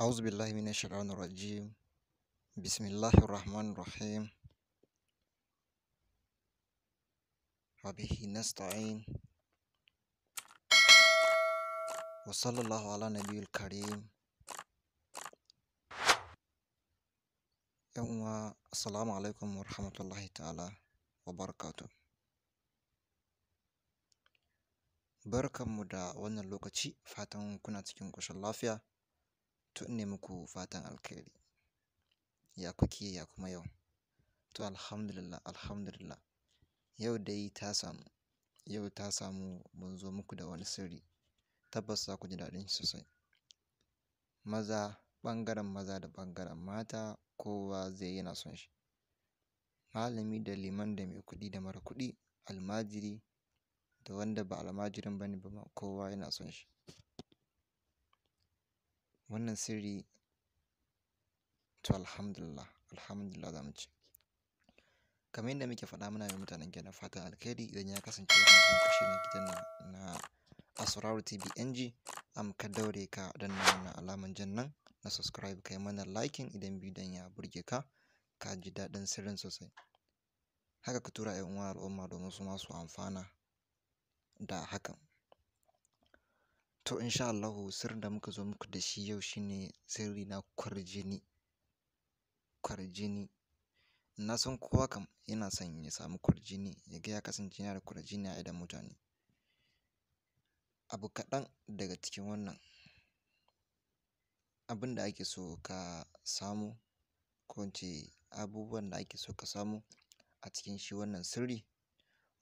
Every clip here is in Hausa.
أعوذ بالله من الشيطان الرجيم بسم الله الرحمن الرحيم وبه نستعين وصلى الله على نبي الكريم يوم السلام عليكم ورحمة الله تعالى وبركاته barkanmu da wannan lokaci fatan kuna cikin ƙoshin lafiya To ne muku fatan alkhairi. Ya kuke, ya kuma yau? To alhamdulillah, alhamdulillah. Yau dai ta samu. Yau ta samu mun zo muku da wani sirri. Tabbas za ku ji daɗin shi sosai. Maza, ɓangaren maza da ɓangaren mata kowa zai yana son shi. Malami da liman da mai kuɗi da mara kuɗi, almajiri da wanda ba almajirin ba ne ba ma kowa yana son shi. Wannan sirri to alhamdulillah, alhamdulillah za mu ce. Kamar yadda muke faɗa muna yin mutanen gida fatan alkhairi idan ya kasance wannan kashi shine gidan nan na Asraru TV NG. Am ka daure ka danna wannan alaman jan nan na subscribe kai mana likin idan bidiyon ya burge ka ka ji daɗin sirrin sosai. Haka ka tura 'yan uwa al'umma domin su ma su amfana da hakan. To insha Allahu sirrin da muka zo muku da shi yau shine sirri na Kwar jini. Na san kowa kam yana son ya samu jini ya ga ya kasance yana da jini a idon mutane. Abu kaɗan daga cikin wannan, abin da ake so ka samu ko in ce abubuwan da ake so ka samu a cikin shi wannan sirri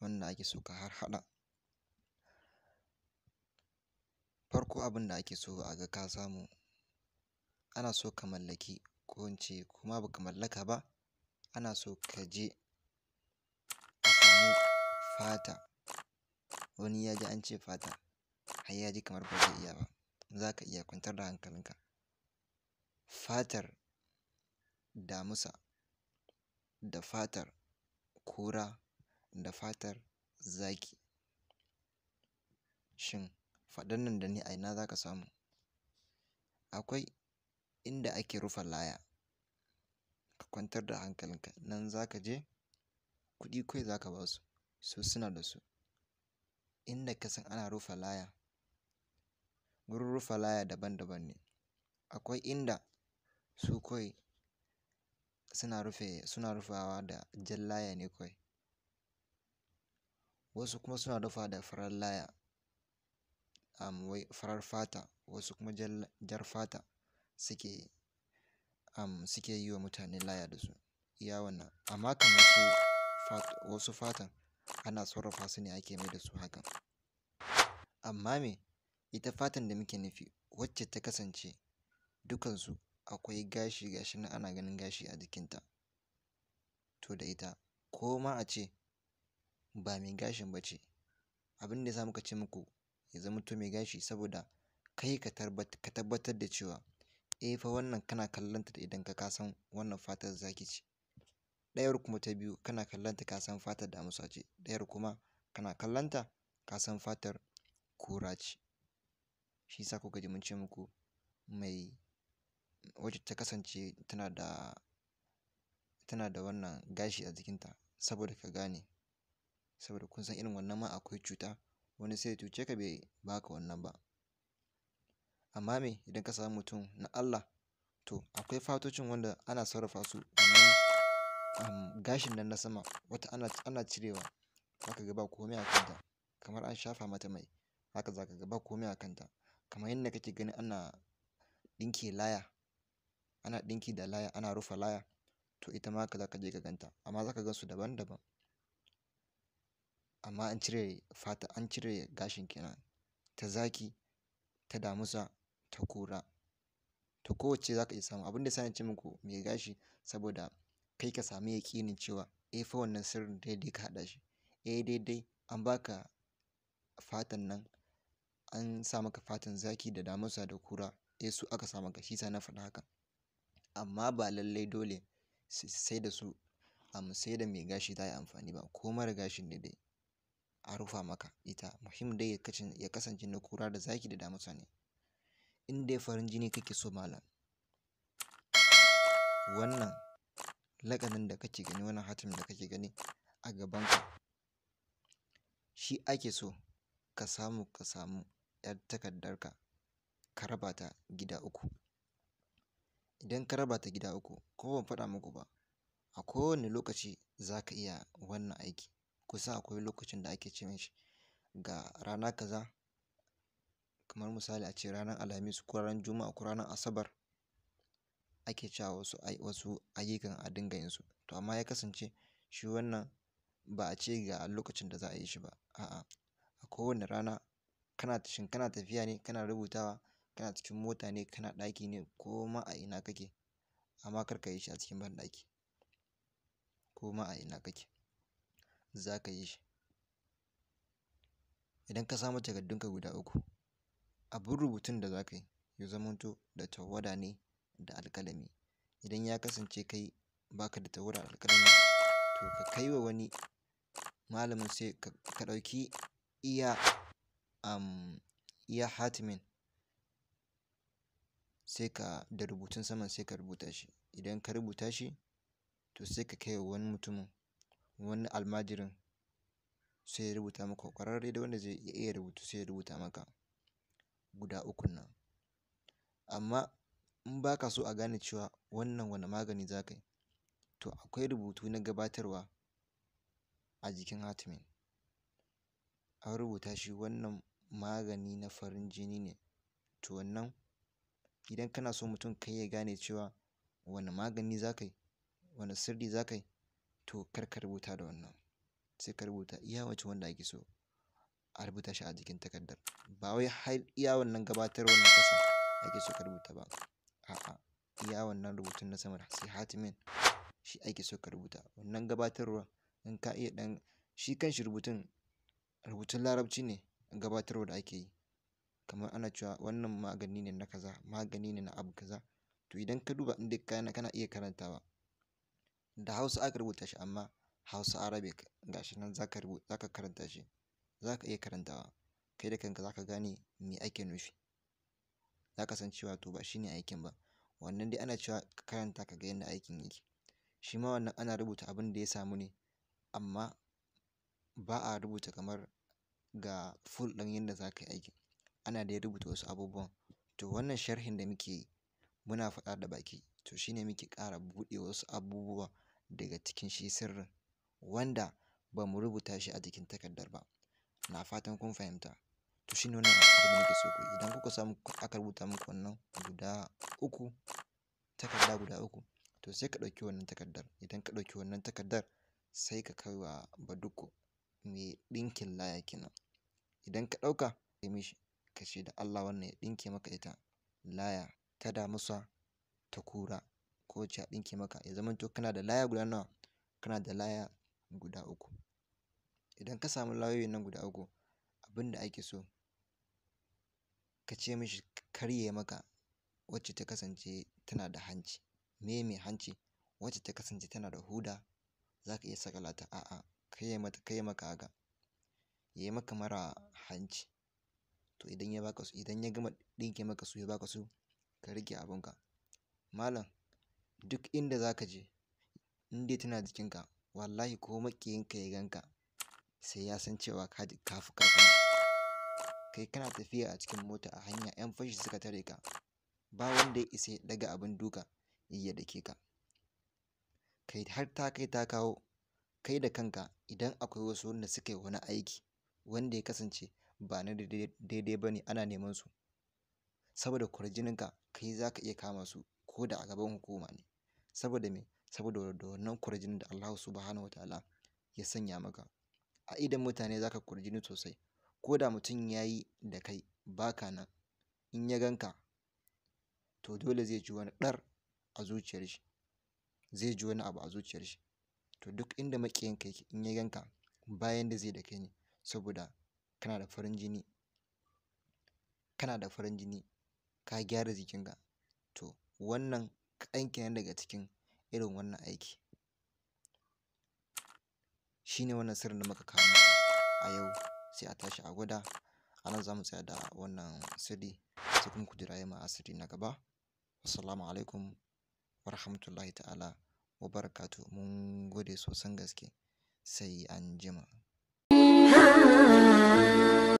wanda ake so ka harhaɗa. Farko abin da ake so a ga ka samu, ana so ka mallaki ko in ce kuma ba ka mallaka ba, ana so ka je a samu fata. Wani ya ji an ce fata har ya ji kamar ba zai iya ba. Za ka iya kwantar da hankalinka. Fatar damusa da fatar kura da fatar zaki. Shin faɗan nan da ni a ina zaka samu akwai inda ake rufa laya ka kwantar da hankalinka nan za je kuɗi kawai za ka su suna da su inda kasan ana rufa laya wurin rufa laya daban-daban ne akwai inda su kawai suna rufe suna rufawa da jan laya ne kawai wasu kuma suna rufawa da farar laya um, wai farar fata wasu kuma jar fata suke um, suke yi wa mutane laya da su iya wannan amma kamar su wasu fatan ana sarrafa su ne ake mai da su hakan amma me ita fatan da muke nufi wacce ta kasance dukansu akwai gashi gashi nan ana ganin gashi a jikinta to da ita ko ma a ce ba mai gashin ba ce abin da ya sa muka ce muku ya to mai gashi saboda kai ka tabbatar da cewa eh fa wannan kana kallon ta idan ka san wannan fatar zaki ce. Ɗayar kuma ta biyu kana kallon ta ka san fatar damusace ce, ɗayar kuma kana kallon ta ka san fatar kura ce. Shi yasa kuka ji mun ce muku mai wacce ta kasance tana da tana da wannan gashi a jikinta saboda ka gane saboda kun san irin wannan ma akwai cuta wani sai ya cuce ka bai baka wannan ba amma me idan ka samu mutum na Allah to akwai fatocin wanda ana sarrafa su wannan gashin nan na sama wata ana ana cirewa zaka ga ba komai a kanta kamar an shafa mata mai haka zaka ga ba komai a kanta kamar yadda kake gani ana ɗinke laya ana ɗinki da laya ana rufe laya to ita ma haka zaka je ka ganta amma zaka gansu daban-daban amma an cire fata an cire gashin kenan ta zaki ta damusa ta kura to kowacce za ka iya samu abinda da sa ce muku mai gashi saboda kai ka sami yaƙinin cewa eh fa wannan sirrin daidai ka haɗa shi eh daidai an baka fatan nan an sa maka fatan zaki da damusa da kura eh su aka sa maka shi sa na faɗa haka amma ba lallai dole sai da su a sai da mai gashi za a yi amfani ba ko mara gashin ne dai a rufa maka ita muhimmi dai ya kasance na kura da zaki da damusa ne in dai farin jini kake so malam wannan lakanin da kake gani wannan hatim da kake gani a gaban ka. shi ake so ka samu ka samu 'yar takardar ka raba ta gida uku idan ka raba ta gida uku ko ban faɗa muku ba a kowane lokaci zaka iya wannan aiki kusa akwai lokacin da ake ce mishi ga rana kaza kamar misali a ce ranar Alhamis ko ranar Juma'a ko ranar Asabar ake cewa wasu ai wasu ayyukan a dinga yin su. To amma ya kasance shi wannan ba a ce ga lokacin da za a yi shi ba. A'a, a kowane rana kana shin kana tafiya ne, kana rubutawa, kana cikin mota ne, kana ɗaki ne ko ma a ina kake amma kar ka yi shi a cikin banɗaki ko ma a ina kake. za ka yi shi idan ka samu takardunka guda uku abin rubutun da za ka yi ya zamanto da tawada ne da alƙalami idan ya kasance kai baka da tawada da alƙalami to ka kai wa wani malamin sai ka ɗauki iya um, iya hatimin sai ka da rubutun saman sai ka rubuta shi idan ka rubuta shi to sai ka kai wa wani mutumin wani almajirin sai ya rubuta maka ƙwararre da wanda zai iya rubutu sai ya rubuta maka guda ukun nan amma in ba ka so a gane cewa wannan wani magani za ka yi to akwai rubutu na gabatarwa a jikin hatimin an rubuta shi wannan magani na farin jini ne to wannan idan kana so mutum kai ya gane cewa wani magani za ka yi wani sirri za ka yi to kar ka rubuta da wannan sai ka rubuta iya wace wanda ake so a rubuta shi a jikin takardar ba wai har iya wannan gabatar wannan ƙasa ake so ka rubuta ba a'a iya wannan rubutun na sama sai hatimin shi ake so ka rubuta wannan gabatarwa in ka iya ɗan shi shi rubutun rubutun larabci ne gabatarwa da ake yi kamar ana cewa wannan magani ne na kaza magani ne na abu kaza to idan ka duba in kana iya karantawa da Hausa aka rubuta shi amma Hausa Arabic ga shi nan za ka karanta shi za iya karantawa kai da kanka za gane me ake nufi za san cewa to ba shine aikin ba wannan dai ana cewa ka karanta ka ga yadda aikin yake shi ma wannan ana rubuta abin da ya samu ne amma ba a rubuta kamar ga full ɗin yadda za ka yi aikin ana dai rubuta wasu abubuwan to wannan sharhin da muke yi muna faɗa da baki to shine muke ƙara buɗe wasu abubuwa daga cikin shi sirrin wanda ba mu rubuta shi a jikin takardar ba na fatan kun fahimta to shi ne wannan abu da nake so ku idan kuka samu aka rubuta muku wannan guda uku takarda guda uku to sai ka ɗauki wannan takardar idan ka ɗauki wannan takardar sai ka kai wa baduko mai ɗinkin laya kenan idan ka ɗauka ka mishi ka ce da Allah wannan ya ɗinke maka ita laya ta damusa ta kura kowace a ɗinke maka ya zamanto kana da laya guda nawa kana da laya guda uku idan ka samu layoyin nan guda uku abin da ake so ka ce mishi kar ya maka wacce ta kasance tana da hanci me mai hanci wacce ta kasance tana da huda za ka iya sakalata? ta a'a kai ya mata maka haka ya yi maka mara hanci to idan ya baka su idan ya gama ɗinke maka su ya baka su ka riƙe abinka malam duk inda za ka je in dai tana jikinka wallahi ko maƙiyinka ya ganka sai ya san cewa ka ji kafi kai kana tafiya a cikin mota a hanya 'yan fashi suka tare ka ba wanda ya isa daga abin duka ya dake ka kai har ta kai ta kawo kai da kanka idan akwai wasu wanda suka yi wani aiki wanda ya kasance ba na daidai ba ne ana neman su saboda kwarjininka kai za ka iya kama su ko da a gaban hukuma ne saboda me saboda da wannan kwarjinin da Allahu subhanahu ta'ala ya sanya maka a idan mutane zaka kurjini sosai ko da mutum yayi da kai baka nan in ya ganka to dole zai ji wani ɗar a zuciyar shi zai ji wani abu a zuciyar shi to duk inda maƙiyinka yake in ya ganka bayan da zai da kai ne saboda kana da farin jini kana da farin jini ka gyara jikinka wannan kaɗan kenan daga cikin irin wannan aiki Shi ne wannan sirrin da muka kawo muku a yau sai a tashi a gwada a nan za mu tsaya da wannan sirri sai kuma ku jira yamma a sirri na gaba assalamu alaikum wa rahmatullahi ta'ala wa barakatu mun gode sosan gaske sai anjima jima